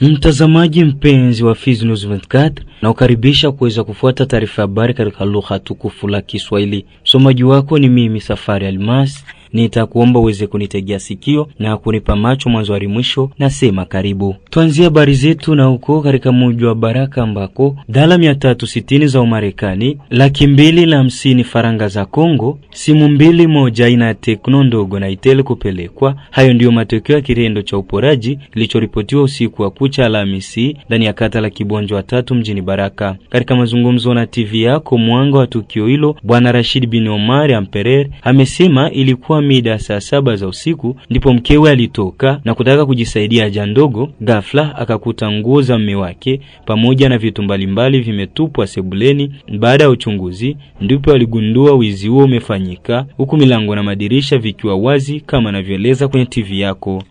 Mtazamaji mpenzi wa Fizi News 24 na ukaribisha kuweza kufuata taarifa habari katika lugha tukufu la Kiswahili. Msomaji wako ni mimi Safari Almas, Nitakuomba uweze kunitegea sikio na kunipa macho mwanzo hadi mwisho. Nasema karibu. Tuanzie habari zetu na huko katika mji wa Baraka ambako dala mia tatu sitini za Umarekani, laki mbili na hamsini faranga za Kongo, simu mbili moja aina ya Tekno ndogo na Itel kupelekwa. Hayo ndiyo matokeo ya kitendo cha uporaji kilichoripotiwa usiku wa kucha Alhamisi ndani ya kata la Kibonjo wa tatu mjini Baraka. Katika mazungumzo na TV yako mwanga wa tukio hilo, Bwana Rashid bin Omar Amperer amesema ilikuwa ikawa mida saa saba za usiku ndipo mkewe alitoka na kutaka kujisaidia haja ndogo. Ghafla akakuta nguo za mme wake pamoja na vitu mbalimbali vimetupwa sebuleni. Baada ya uchunguzi, ndipo aligundua wizi huo umefanyika, huku milango na madirisha vikiwa wazi kama anavyoeleza kwenye TV yako.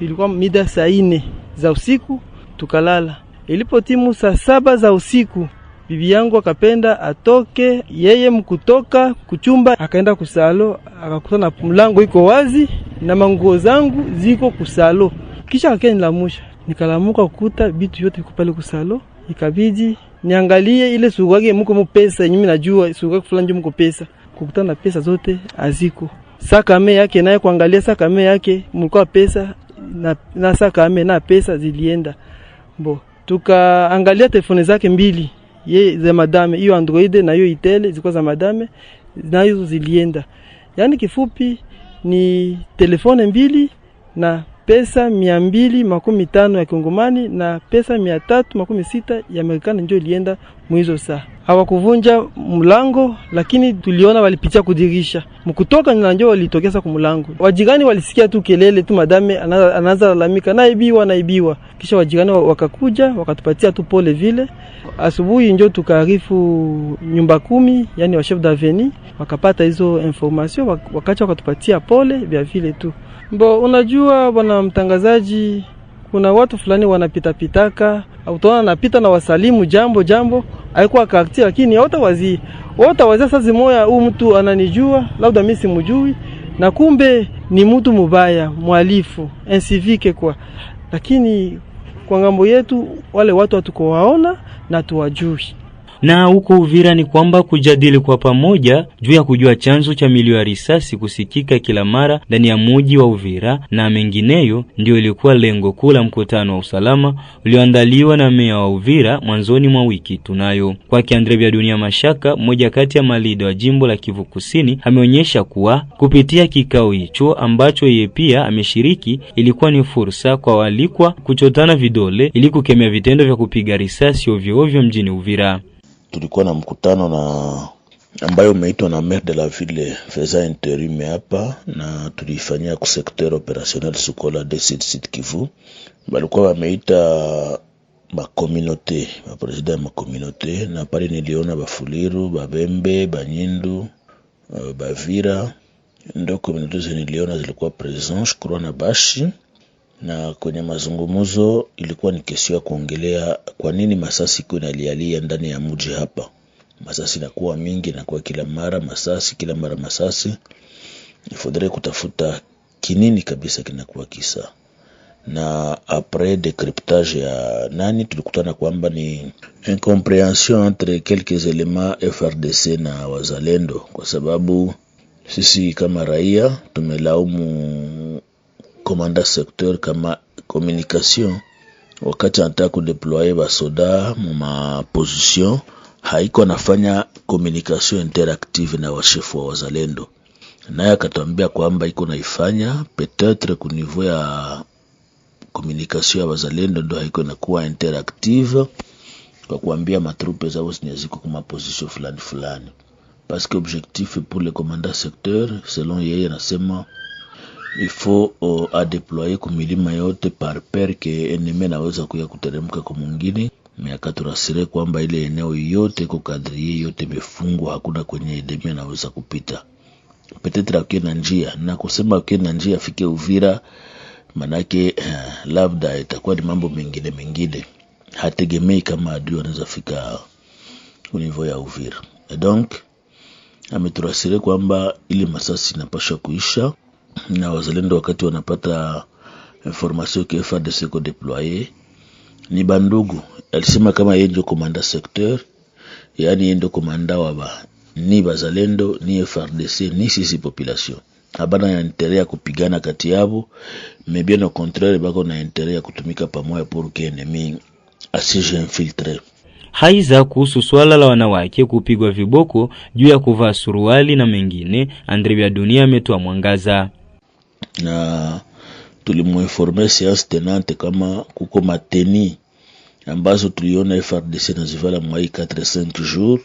Ilikuwa mida saa nne za usiku tukalala, ilipotimu saa saba za usiku bibi yangu akapenda atoke yeye. Mkutoka kuchumba akaenda kusalo, akakuta na mlango iko wazi na manguo zangu ziko kusalo, kisha akaenda nilamusha, nikalamuka kukuta vitu vyote viko pale kusalo, ikabidi niangalie ile sugwage mko mu pesa yenye mimi najua sugwage fulani mko pesa, kukutana pesa zote aziko sakame yake naye kuangalia sakame yake mlikuwa pesa na, na sakame na pesa zilienda Mbo tukaangalia telefoni zake mbili ye za madame hiyo Android na hiyo Itel zilikuwa za madame na hizo zilienda. Yaani kifupi ni telefone mbili na pesa mia mbili makumi tano ya Kongomani na pesa mia tatu makumi sita ya Marekani ndio ilienda mwizo saa hawakuvunja mlango, lakini tuliona walipitia kudirisha mkutoka na ndio walitokeza kwa mlango. Wajirani walisikia tu kelele tu, madame anaanza lalamika, naibiwa, naibiwa. Kisha wajirani wakakuja wakatupatia tu pole vile. Asubuhi ndio tukaarifu nyumba kumi, yani wa chef d'aveni wakapata hizo information, wakacha wakatupatia pole vya vile tu. Mbo, unajua bwana mtangazaji, kuna watu fulani wanapitapitaka utaona napita na wasalimu jambo jambo, haikuwa kartie, lakini wote wazi wote wazi. Sasa zimoya, huyu mtu ananijua, labda mimi simjui, na kumbe ni mtu mubaya, mwalifu ensivike kwa, lakini kwa ngambo yetu wale watu hatukowaona na tuwajui. Na huko Uvira ni kwamba kujadili kwa pamoja juu ya kujua chanzo cha milio ya risasi kusikika kila mara ndani ya muji wa Uvira na mengineyo, ndio ilikuwa lengo kuu la mkutano wa usalama ulioandaliwa na meya wa Uvira mwanzoni mwa wiki tunayo. Kwake Andre vya Dunia Mashaka, mmoja kati ya malida wa jimbo la Kivu Kusini, ameonyesha kuwa kupitia kikao hicho ambacho yeye pia ameshiriki, ilikuwa ni fursa kwa walikwa kuchotana vidole ili kukemea vitendo vya kupiga risasi ovyo ovyo mjini Uvira tulikuwa na mkutano na ambayo umeitwa na maire de la ville Feza interime hapa na tulifanyia ku secteur opérationnel Sukola de Sud Sud Kivu. Balikuwa wameita makomunote mapresida ya makomunote, na pale niliona Bafuliru, Babembe, Banyindu, euh, Bavira ndo komunote niliona zilikuwa present, shukrani na Bashi na kwenye mazungumzo ilikuwa ni kesi ya kuongelea kwa nini masasi iko inalialia ndani ya mji hapa. Masasi inakuwa mingi, inakuwa kila mara masasi, kila mara masasi. Ifodere kutafuta kinini kabisa kinakuwa kisa na apres decryptage ya nani tulikutana kwamba ni incomprehension entre quelques éléments FRDC na wazalendo, kwa sababu sisi kama raia tumelaumu komanda secteur kama communication wakati anataka kudeploye basoda mumaposition haiko anafanya communication interactive na washefu wa wazalendo, naye akatwambia kwamba iko naifanya peut-etre ku niveau ya communication ya wazalendo ndo haiko inakuwa interactive kwa kuambia matrupe zao zenye ziko kuma position fulani fulani, parce que objectif pour le commandant secteur selon yeye anasema il faut uh, adeploye kumilima yote par perke eneme anaweza kuya kuteremka kwa mwingine kwamba ile eneo yote kukadrie yote imefungwa, hakuna kwenye eneme anaweza kupita. Petetre akuwe na njia na kusema akuwe na njia afike Uvira, manake uh, labda itakuwa ni mambo mengine mengine, hategemei kama adui anaweza fika univo ya Uvira. Donc ameturasire kwamba ile masasi inapasha kuisha na wazalendo wakati wanapata formation ke FARDC ko deploye ni bandugu. Alisema kama yeye ndio komanda secteur, yani yeye ndio komanda wa ba ni bazalendo ni FARDC ni sisi population abana ya intere ya kupigana kati yabo, mais bien au contraire bako na intere ya kutumika pamoja pour que ennemi asije infiltre Haiza kuhusu swala la wanawake kupigwa viboko juu ya kuvaa suruali na mengine, Andre Dunia ametoa mwangaza na tulimuinforme seance tenante kama kuko mateni ambazo tuliona FRDC nazivala mwai 45 jours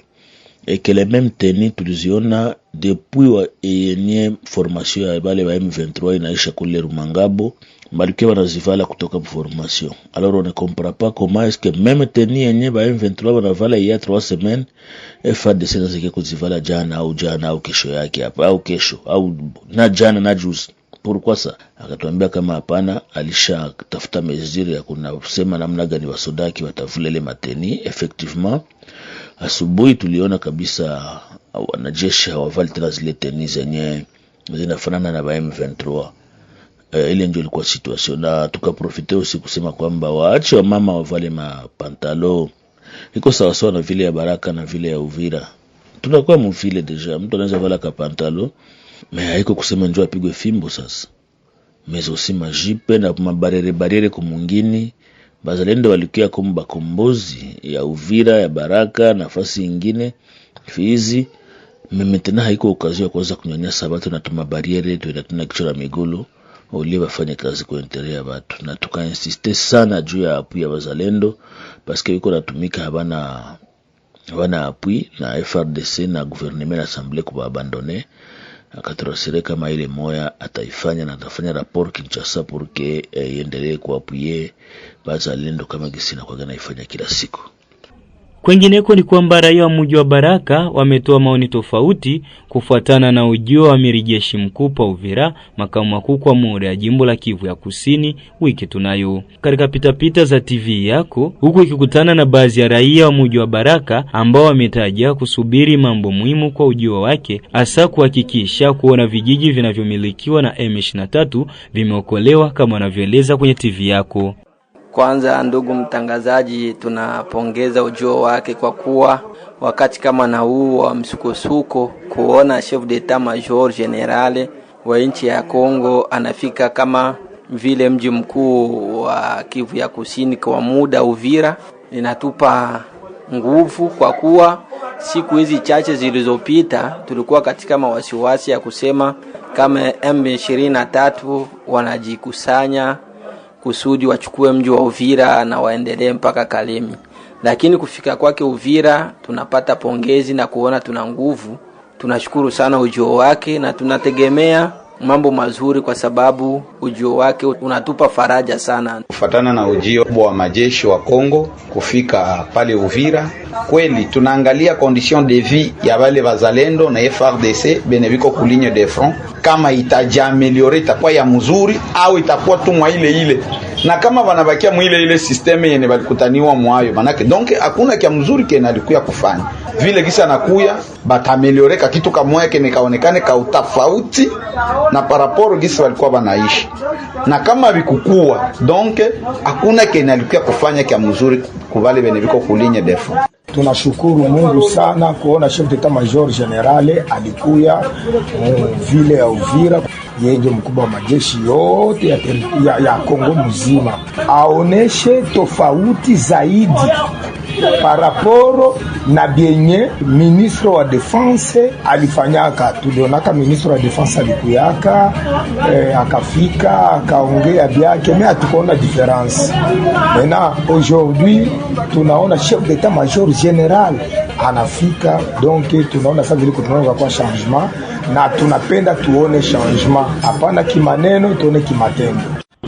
ekele meme teni tuliziona depuis wa yenye formation ya bale ba M23 inaisha kule Rumangabo balikuwa wanazivala kutoka formation. Alors on ne comprend pas comment est-ce que meme teni yenye ba M23 wanavala ya 3 semaines FARDC nazike kuzivala jana au jana au kesho yake hapa au kesho au na jana na juzi Pour Kwasa akatuambia kama hapana, alishatafuta mesure ya kunasema namna gani wasodaki watavula ile mateni. Effectivement, asubuhi tuliona kabisa wanajeshi hawavali tena zile teni zenye zinafanana na ba M23. Uh, ile ndio ilikuwa situation, na tukaprofite usi kusema kwamba waache wa mama wavale mapantalo iko sawasawa na vile ya Baraka na vile ya Uvira. Tunakuwa mufile deja, mtu anaweza vala kapantalo me haiko kusema njo apigwe fimbo sasa mezosi majipe na mabarere barere kumungini bazalendo walikia komu bakombozi ya uvira ya baraka nafasi ingine fizi memetena haiko okazi ya kuweza kunyanyasa batu na tumabariere tuenatuna kichwa na migulu ulie bafanye kazi kuentere ya batu na tukainsiste sana juu ya apui ya bazalendo paske wiko natumika habana habana apui na frdc na guverneme na assemble kubabandone akatorasire kama ile moya ataifanya na atafanya rapor Kinshasa porque eh, iendelee eh, kuapuye bazalendo kama gisina kwaga naifanya kila siku. Kwengineko ni kwamba raia wa mji wa Baraka wametoa maoni tofauti kufuatana na ujio wa amiri jeshi mkuu uvira makao makuu kwa muda ya jimbo la Kivu ya Kusini. Wiki tunayo katika pitapita za TV yako huku ikikutana na baadhi ya raia wa mji wa Baraka ambao wametaja kusubiri mambo muhimu kwa ujio wake, hasa kuhakikisha kuona vijiji vinavyomilikiwa na M23 vimeokolewa, kama wanavyoeleza kwenye TV yako. Kwanza ndugu mtangazaji, tunapongeza ujio wake kwa kuwa wakati kama na huu wa msukosuko, kuona chef d'etat major general wa nchi ya Kongo anafika kama vile mji mkuu wa Kivu ya Kusini kwa muda Uvira, inatupa nguvu kwa kuwa siku hizi chache zilizopita tulikuwa katika mawasiwasi ya kusema kama M23 wanajikusanya kusudi wachukue mji wa Uvira na waendelee mpaka Kalemi. Lakini kufika kwake Uvira tunapata pongezi na kuona tuna nguvu. Tunashukuru sana ujio wake na tunategemea mambo mazuri, kwa sababu ujio wake unatupa faraja sana. Kufatana na ujio wa majeshi wa Kongo kufika pale Uvira, kweli tunaangalia condition de vie ya wale wazalendo na FRDC beneviko kuligne de front, kama itajameliore itakuwa ya mzuri au itakuwa tumwa ile ile na kama wanabakia mwile ile system yenye walikutaniwa mwayo, manake donc hakuna kia mzuri kene alikuya kufanya vile kisa nakuya batamelioreka kitu kamoya kene kaonekane ka utafauti na paraporo gisi walikuwa banaishi, na kama vikukua donc hakuna kene alikuya kufanya kia mzuri kuvale bene viko kulinye defo. Tunashukuru Mungu sana kuona chef d'etat major general alikuya eh, vile ya Uvira yeye mkubwa wa majeshi yote ya, ya, ya Kongo mzima aoneshe tofauti zaidi paraporo na bienye ministre wa defense alifanyaka. Tulionaka ministre wa defense alikuyaka eh, akafika akaongea byake, me hatukaona difference mena. Aujourd'hui tunaona chef détat major general anafika, donc tunaona sa vile kutunaona kwa changement na tunapenda tuone changement, hapana kimaneno, tuone kimatendo.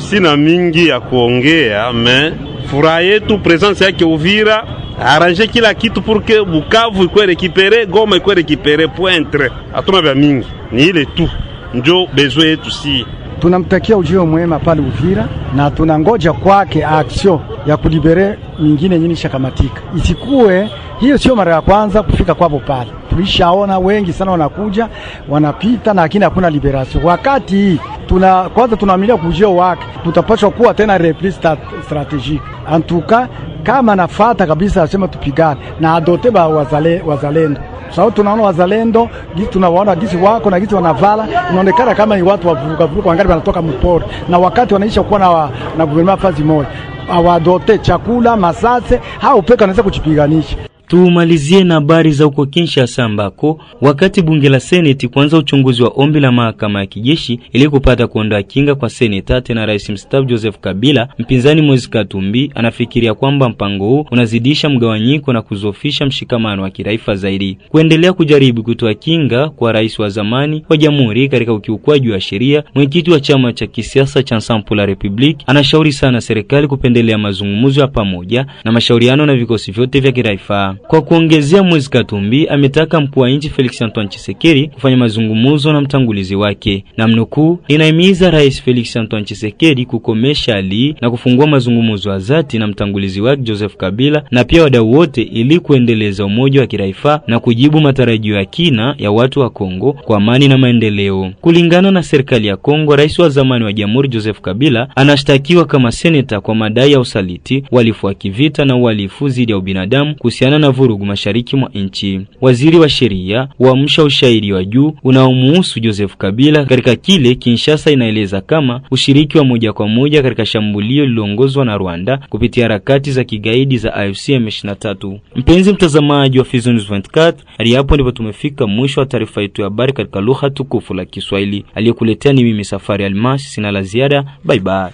Sina mingi ya kuongea me furaha yetu presence yake Uvira aranje kila kitu purke Bukavu ikwe rekipere, Goma ikwe rekipere pointre. Hatuna vya mingi, ni ile tu njo bezwe yetu si tunamtakia ujio mwema pale Uvira na tunangoja kwake aksio ya kulibere mingine nyingi shakamatika. Isikuwe hiyo sio mara ya kwanza kufika kwapo pale, tulishaona wengi sana wanakuja wanapita, lakini hakuna liberation. Wakati tuna kwanza tunaamilia kujio wake, tutapaswa kuwa tena repli strategique antuka kama nafata kabisa, asema tupigane na adote ba wazale, wazalendo sababu tunaona wazalendo gisi, tunawaona gisi wako na gisi wanavala, inaonekana kama ni watu vuka wangali wanatoka mpori, na wakati wanaisha kuwa na, na guvernema fazi moja awadote chakula masase hao wanaweza anaweza kuchipiganisha. Tumalizie na habari za huko Kinshasa ambako wakati bunge la seneti kuanza uchunguzi wa ombi la mahakama ya kijeshi ili kupata kuondoa kinga kwa seneta tena rais mstaafu Joseph Kabila, mpinzani Moise Katumbi anafikiria kwamba mpango huu unazidisha mgawanyiko na kuzofisha mshikamano wa kiraifa zaidi. Kuendelea kujaribu kutoa kinga kwa rais wa zamani wa jamhuri katika ukiukwaji wa sheria, mwenyekiti wa chama cha kisiasa cha Ensemble la Republique anashauri sana serikali kupendelea mazungumzo ya pamoja na mashauriano na vikosi vyote vya kiraifa. Kwa kuongezea, Moise Katumbi ametaka mkuu wa nchi Felix Antoine Tshisekedi kufanya mazungumzo na mtangulizi wake, na mnukuu, ninaimiza Rais Felix Antoine Tshisekedi kukomesha hali na kufungua mazungumzo ya dhati na mtangulizi wake Joseph Kabila na pia wadau wote, ili kuendeleza umoja wa kiraifa na kujibu matarajio ya kina ya watu wa Kongo kwa amani na maendeleo. Kulingana na serikali ya Kongo, rais wa zamani wa jamhuri Joseph Kabila anashtakiwa kama seneta kwa madai ya usaliti, uhalifu wa kivita na uhalifu dhidi ya ubinadamu kuhusiana na vurugu mashariki mwa nchi. Waziri wa sheria huamsha ushairi wa juu unaomuhusu Joseph Kabila katika kile Kinshasa inaeleza kama ushiriki wa moja kwa moja katika shambulio lililoongozwa na Rwanda kupitia harakati za kigaidi za AFC M23. Mpenzi mtazamaji wa Fizi News 24, hadi hapo ndipo tumefika mwisho wa taarifa yetu ya habari katika lugha tukufu la Kiswahili. Aliyekuletea ni mimi Safari Almas, sina la ziada. Bye bye.